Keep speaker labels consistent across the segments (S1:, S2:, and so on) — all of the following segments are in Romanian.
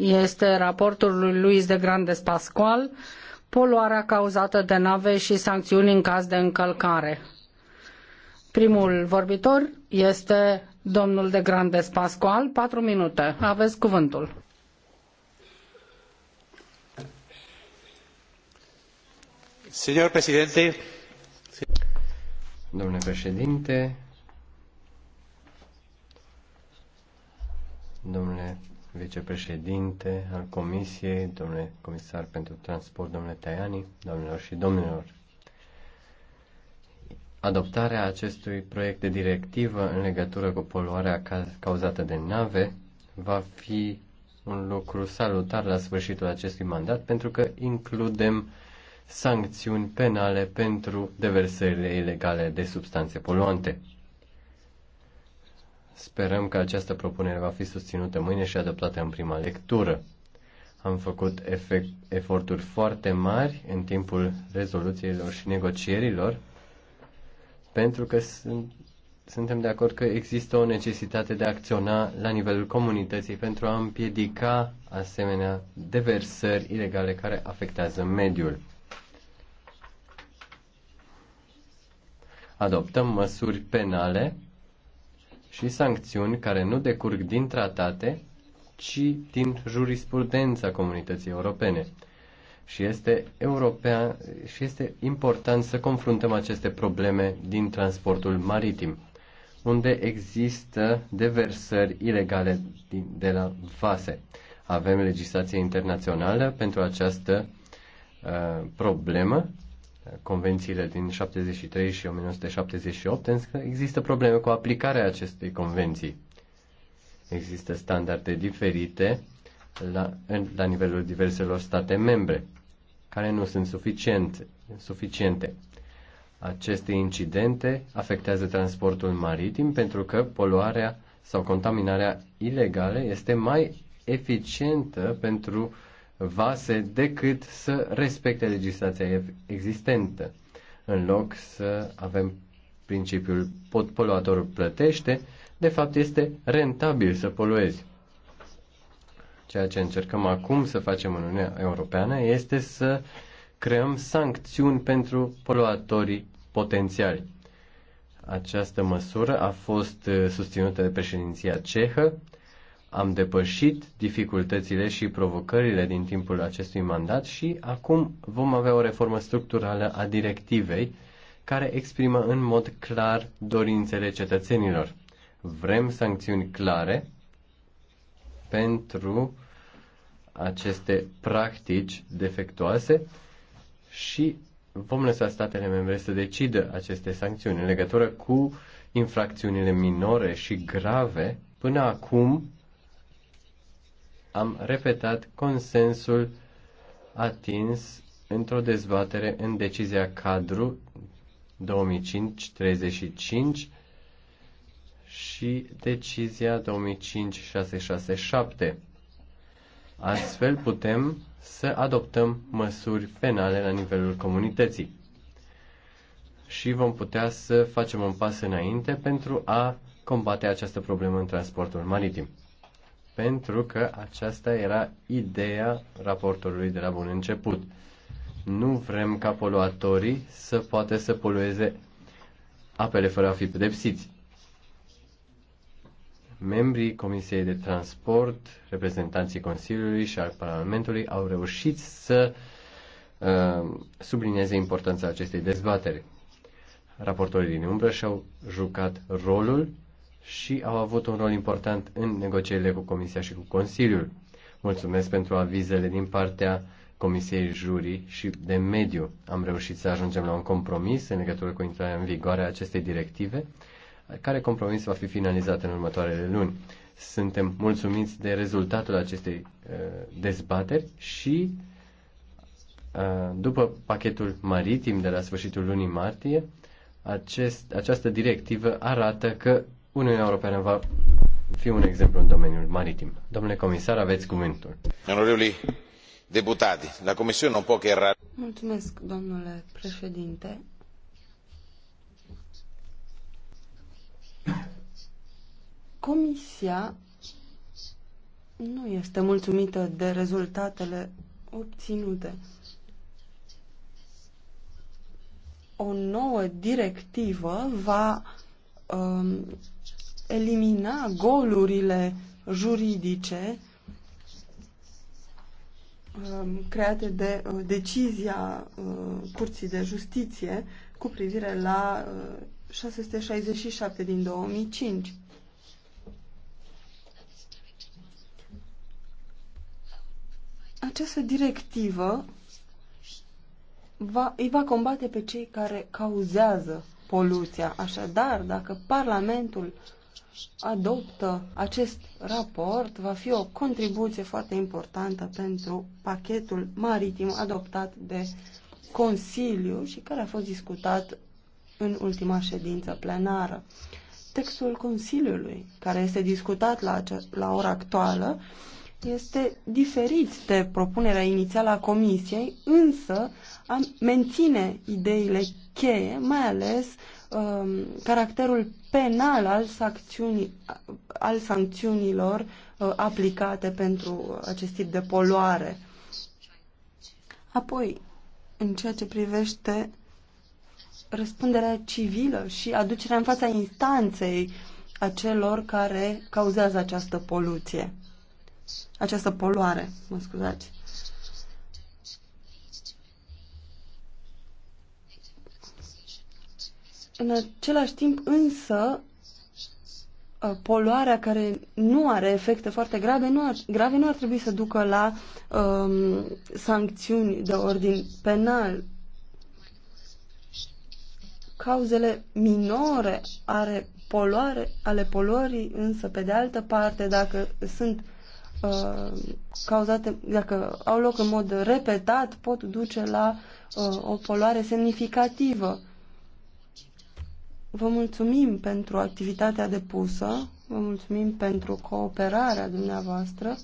S1: este raportul lui Luis de Grandes Pascual, poluarea cauzată de nave și sancțiuni în caz de încălcare. Primul vorbitor este domnul de Grandes Pascual, patru minute. Aveți cuvântul.
S2: Señor presidente. Domnule președinte, domnule vicepreședinte al Comisiei, domnule comisar pentru transport, domnule Tajani, domnilor și domnilor. Adoptarea acestui proiect de directivă în legătură cu poluarea cauzată de nave va fi un lucru salutar la sfârșitul acestui mandat pentru că includem sancțiuni penale pentru deversările ilegale de substanțe poluante. Sperăm că această propunere va fi susținută mâine și adoptată în prima lectură. Am făcut efect, eforturi foarte mari în timpul rezoluțiilor și negocierilor pentru că sunt, suntem de acord că există o necesitate de a acționa la nivelul comunității pentru a împiedica asemenea deversări ilegale care afectează mediul. Adoptăm măsuri penale și sancțiuni care nu decurg din tratate, ci din jurisprudența comunității europene. Și este, european, și este important să confruntăm aceste probleme din transportul maritim, unde există deversări ilegale de la vase. Avem legislație internațională pentru această uh, problemă convențiile din 73 și 1978, însă există probleme cu aplicarea acestei convenții. Există standarde diferite la, la nivelul diverselor state membre, care nu sunt suficiente. suficiente. Aceste incidente afectează transportul maritim pentru că poluarea sau contaminarea ilegală este mai eficientă pentru uh, vase decât să respecte legislația existentă. În loc să avem principiul pot poluatorul plătește, de fapt este rentabil să poluezi. Ceea ce încercăm acum să facem în Uniunea Europeană este să creăm sancțiuni pentru poluatorii potențiali. Această măsură a fost uh, susținută de președinția cehă am depășit dificultățile și provocările din timpul acestui mandat și acum vom avea o reformă structurală a directivei care exprimă în mod clar dorințele cetățenilor. Vrem sancțiuni clare pentru aceste practici defectuoase și vom lăsa statele membre să decidă aceste sancțiuni în legătură cu infracțiunile minore și grave. Până acum, am repetat consensul atins într-o dezbatere în decizia cadru 2005-35 și decizia 2005-667. Astfel putem să adoptăm măsuri penale la nivelul comunității și vom putea să facem un pas înainte pentru a combate această problemă în transportul maritim pentru că aceasta era ideea raportorului de la bun început. Nu vrem ca poluatorii să poată să polueze apele fără a fi pedepsiți. Membrii Comisiei de Transport, reprezentanții Consiliului și al Parlamentului au reușit să uh, sublinieze importanța acestei dezbateri. Raportorii din umbră și-au jucat rolul și au avut un rol important în negocierile cu Comisia și cu Consiliul. Mulțumesc pentru avizele din partea Comisiei Jurii și de Mediu. Am reușit să ajungem la un compromis în legătură cu intrarea în vigoare a acestei directive, care compromis va fi finalizat în următoarele luni. Suntem mulțumiți de rezultatul acestei uh, dezbateri și uh, după pachetul maritim de la sfârșitul lunii martie, acest, această directivă arată că Uniunea Europeană va fi un exemplu în domeniul maritim. Domnule comisar, aveți cuvântul. Onorevoli deputati, la Comisiune nu poate era...
S3: Mulțumesc, domnule președinte. Comisia nu este mulțumită de rezultatele obținute. O nouă directivă va um, elimina golurile juridice um, create de uh, decizia uh, Curții de Justiție cu privire la 667 uh, din 2005. Această directivă va, îi va combate pe cei care cauzează poluția. Așadar, dacă Parlamentul adoptă acest raport va fi o contribuție foarte importantă pentru pachetul maritim adoptat de Consiliu și care a fost discutat în ultima ședință plenară. Textul Consiliului, care este discutat la, la ora actuală, este diferit de propunerea inițială a Comisiei, însă menține ideile cheie, mai ales um, caracterul penal al, sancțiuni, al sancțiunilor uh, aplicate pentru acest tip de poluare. Apoi, în ceea ce privește răspunderea civilă și aducerea în fața instanței a celor care cauzează această poluție, această poluare, mă scuzați. În același timp, însă, ă, poluarea care nu are efecte foarte grave nu ar, grave nu ar trebui să ducă la um, sancțiuni de ordin penal. Cauzele minore are poluare, ale poluării, însă, pe de altă parte, dacă sunt uh, cauzate, dacă au loc în mod repetat, pot duce la uh, o poluare semnificativă Vă mulțumim pentru activitatea depusă, vă mulțumim pentru cooperarea dumneavoastră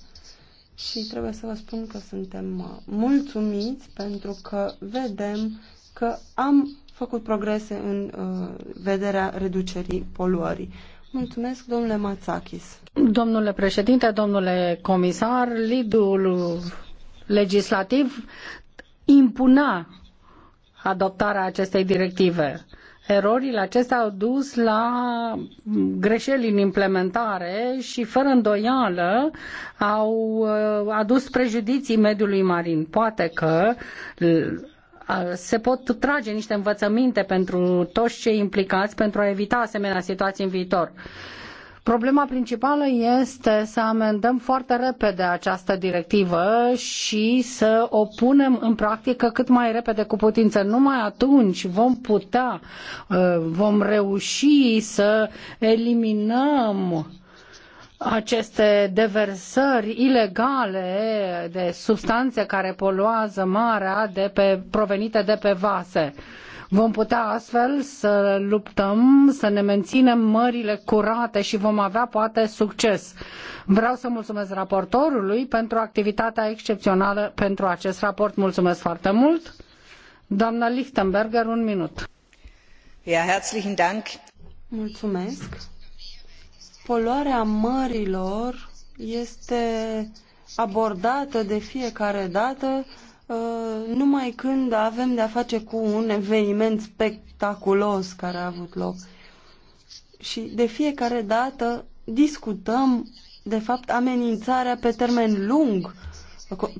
S3: și trebuie să vă spun că suntem uh, mulțumiți pentru că vedem că am făcut progrese în uh, vederea reducerii poluării.
S1: Mulțumesc, domnule Mațachis. Domnule președinte, domnule comisar, lidul legislativ impuna adoptarea acestei directive Erorile acestea au dus la greșeli în implementare și, fără îndoială, au uh, adus prejudicii mediului marin. Poate că uh, se pot trage niște învățăminte pentru toți cei implicați pentru a evita asemenea situații în viitor. Problema principală este să amendăm foarte repede această directivă și să o punem în practică cât mai repede cu putință. Numai atunci vom putea, uh, vom reuși să eliminăm aceste deversări ilegale de substanțe care poluează marea de pe, provenite de pe vase. Vom putea astfel să luptăm, să ne menținem mările curate și vom avea poate succes. Vreau să mulțumesc raportorului pentru activitatea excepțională pentru acest raport. Mulțumesc foarte mult. Doamna Lichtenberger, un minut. Ja, herzlichen Dank. Mulțumesc.
S3: Poluarea mărilor este abordată de fiecare dată Uh, numai când avem de-a face cu un eveniment spectaculos care a avut loc. Și de fiecare dată discutăm, de fapt, amenințarea pe termen lung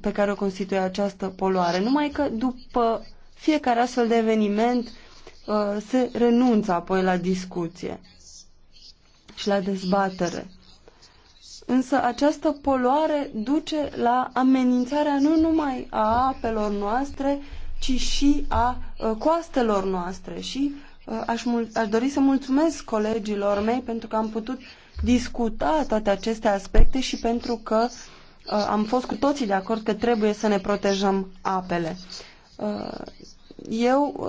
S3: pe care o constituie această poluare. Numai că după fiecare astfel de eveniment uh, se renunță apoi la discuție și la dezbatere. Însă această poluare duce la amenințarea nu numai a apelor noastre, ci și a uh, coastelor noastre. Și uh, aș, aș dori să mulțumesc colegilor mei pentru că am putut discuta toate aceste aspecte și pentru că uh, am fost cu toții de acord că trebuie să ne protejăm apele. eu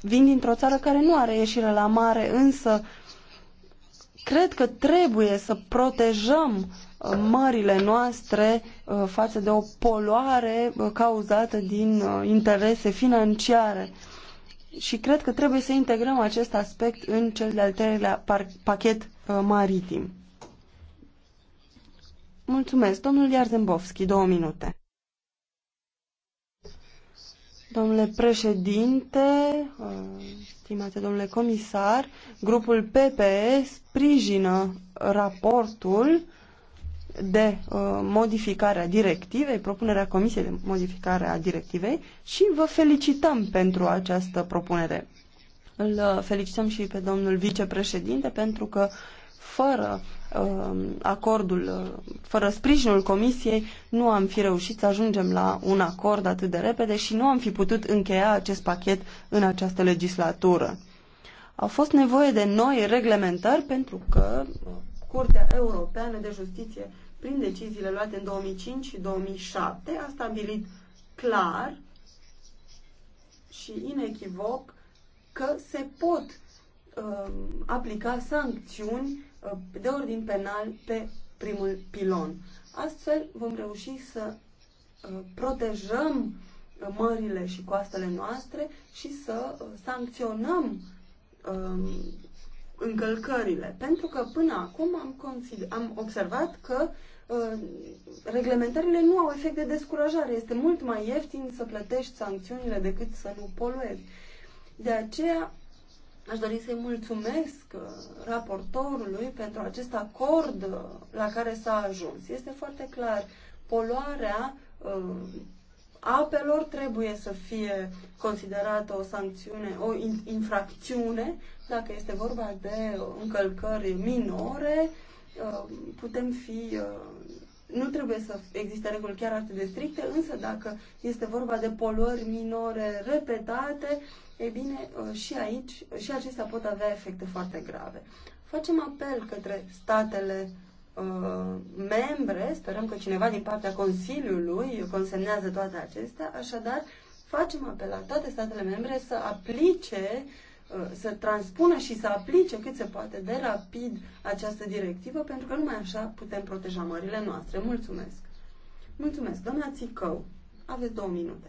S3: vin dintr-o țară care nu are ieșire la mare, însă Cred că trebuie să protejăm uh, mările noastre uh, față de o poluare uh, cauzată din interese financiare. Și cred că trebuie să integrăm acest aspect în cel de-al treilea pachet maritim. Mulțumesc. Domnul Iarzembovski, două minute. Domnule președinte, uh, stimate domnule comisar, grupul PPE sprijină raportul de uh, modificare a directivei, propunerea Comisiei de modificare a directivei și vă felicităm pentru această propunere. Îl uh, felicităm și pe domnul vicepreședinte pentru că fără Um, acordul, uh, fără sprijinul Comisiei, nu am fi reușit să ajungem la un acord atât de repede și nu am fi putut încheia acest pachet în această legislatură. A fost nevoie de noi reglementări pentru că uh, Curtea Europeană de Justiție, prin deciziile luate în 2005 și 2007, a stabilit clar și inechivoc că se pot uh, aplica sancțiuni Uh, de ordin penal pe primul pilon. Astfel vom reuși să uh, protejăm mările și coastele noastre și să uh, sancționăm um, încălcările. Pentru că până acum am, am observat că reglementările nu au efect de descurajare. Este mult mai ieftin să plătești sancțiunile decât să nu poluezi. De aceea Aș dori să-i mulțumesc uh, raportorului pentru acest acord uh, la care s-a ajuns. Este foarte clar, poluarea uh, apelor trebuie să fie considerată o sancțiune, o infracțiune, dacă este vorba de încălcări minore, putem fi nu trebuie să existe reguli chiar atât de stricte, însă dacă este vorba de poluări minore repetate, ei bine, ă, și aici, și acestea pot avea efecte foarte grave. Facem apel către statele uh, membre, sperăm că cineva din partea Consiliului consemnează toate acestea, așadar facem apel la toate statele membre să aplice, uh, să transpună și să aplice cât se poate de rapid această directivă, pentru că numai așa putem proteja mările noastre. Mulțumesc! Mulțumesc, Domnul Țicău! Aveți două minute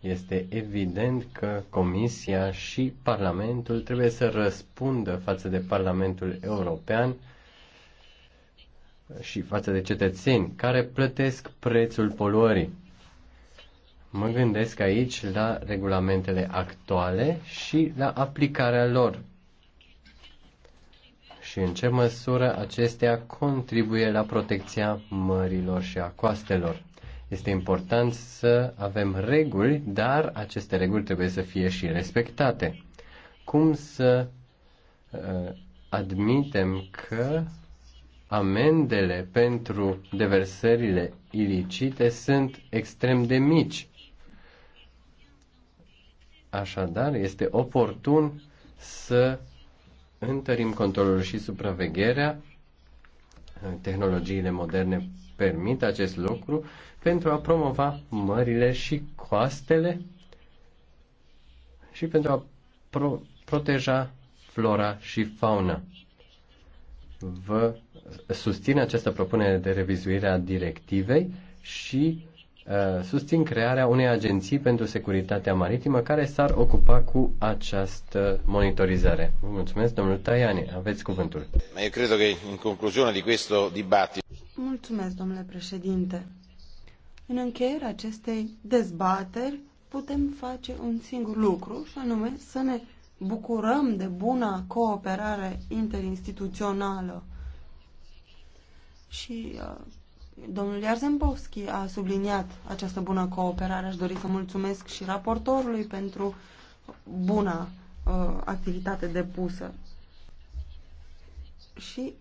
S2: este evident că Comisia și Parlamentul trebuie să răspundă față de Parlamentul European și față de cetățeni care plătesc prețul poluării. Mă gândesc aici la regulamentele actuale și la aplicarea lor și în ce măsură acestea contribuie la protecția mărilor și a coastelor. Este important să avem reguli, dar aceste reguli trebuie să fie și respectate. Cum să uh, admitem că amendele pentru deversările ilicite sunt extrem de mici? Așadar, este oportun să întărim controlul și supravegherea tehnologiile moderne permit acest lucru pentru a promova mările și coastele și pentru a pro- proteja flora și fauna. Vă susțin această propunere de revizuire a directivei și Uh, susțin crearea unei agenții pentru securitatea maritimă care s-ar ocupa cu această monitorizare. Vă mulțumesc, domnul Tajani. Aveți cuvântul. Eu cred că, în concluziunea de questo
S4: dibattito...
S3: Mulțumesc, domnule președinte. În încheierea acestei dezbateri putem face un singur lucru și anume să ne bucurăm de buna cooperare interinstituțională și uh, Domnul Iarzembovski a subliniat această bună cooperare. Aș dori să mulțumesc și raportorului pentru buna uh, activitate depusă. Și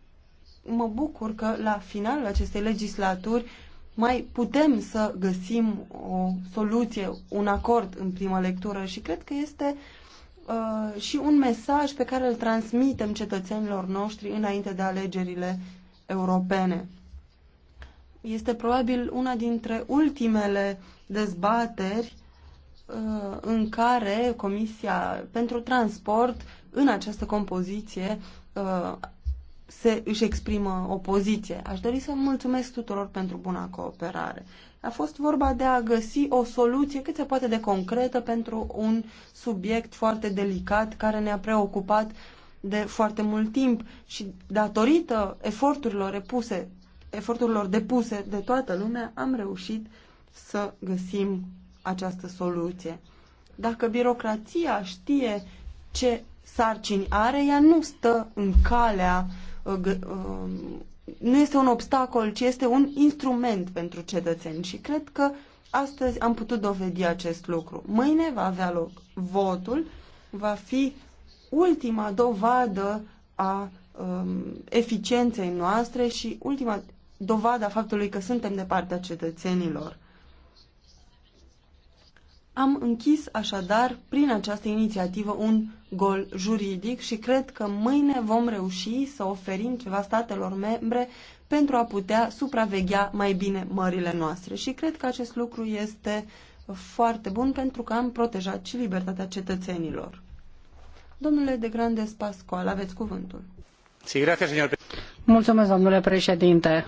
S3: mă bucur că la finalul acestei legislaturi mai putem să găsim o soluție, un acord în prima lectură și cred că este uh, și un mesaj pe care îl transmitem cetățenilor noștri înainte de alegerile europene. Este probabil una dintre ultimele dezbateri uh, în care Comisia pentru Transport, în această compoziție, uh, se, își exprimă opoziție. Aș dori să mulțumesc tuturor pentru buna cooperare. A fost vorba de a găsi o soluție cât se poate de concretă pentru un subiect foarte delicat care ne-a preocupat de foarte mult timp și datorită eforturilor repuse eforturilor depuse de toată lumea, am reușit să găsim această soluție. Dacă birocrația știe ce sarcini are, ea nu stă în calea, uh, uh, nu este un obstacol, ci este un instrument pentru cetățeni și cred că astăzi am putut dovedi acest lucru. Mâine va avea loc votul, va fi ultima dovadă a um, eficienței noastre și ultima dovada faptului că suntem de partea cetățenilor. Am închis așadar prin această inițiativă un gol juridic și cred că mâine vom reuși să oferim ceva statelor membre pentru a putea supraveghea mai bine mările noastre. Și cred că acest lucru este foarte bun pentru că am protejat și libertatea cetățenilor. Domnule de Grandes Pascual, aveți cuvântul.
S1: Mulțumesc, domnule președinte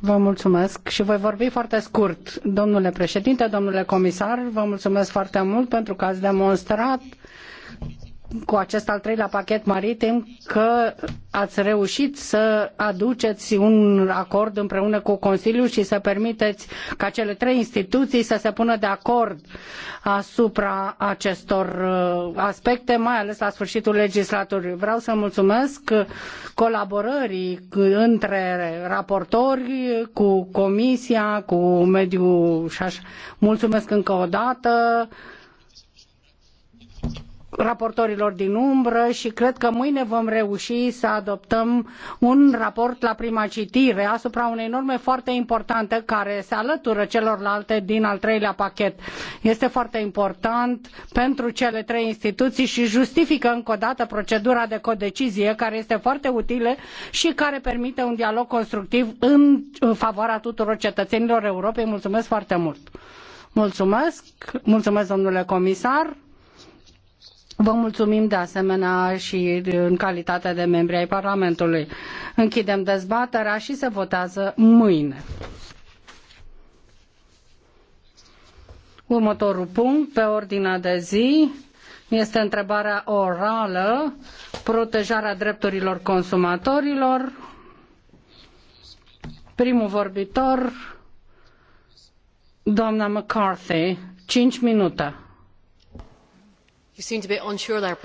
S1: Vă mulțumesc și voi vorbi foarte scurt. Domnule președinte, domnule comisar, vă mulțumesc foarte mult pentru că ați demonstrat cu acest al treilea pachet maritim că ați reușit să aduceți un acord împreună cu Consiliul și să permiteți ca cele trei instituții să se pună de acord asupra acestor uh, aspecte, mai ales la sfârșitul legislaturii. Vreau să mulțumesc colaborării între raportori, cu Comisia, cu mediul și așa. Mulțumesc încă o dată raportorilor din umbră și cred că mâine vom reuși să adoptăm un raport la prima citire asupra unei norme foarte importante care se alătură celorlalte din al treilea pachet. Este foarte important pentru cele trei instituții și justifică încă o dată procedura de codecizie care este foarte utilă și care permite un dialog constructiv în favoarea tuturor cetățenilor Europei. Mulțumesc foarte mult! Mulțumesc, mulțumesc domnule comisar. Vă mulțumim de asemenea și în calitate de membri ai Parlamentului. Închidem dezbaterea și se votează mâine. Următorul punct pe ordinea de zi este întrebarea orală, protejarea drepturilor consumatorilor. Primul vorbitor, doamna McCarthy, cinci minute
S2: you seem to be unsure there.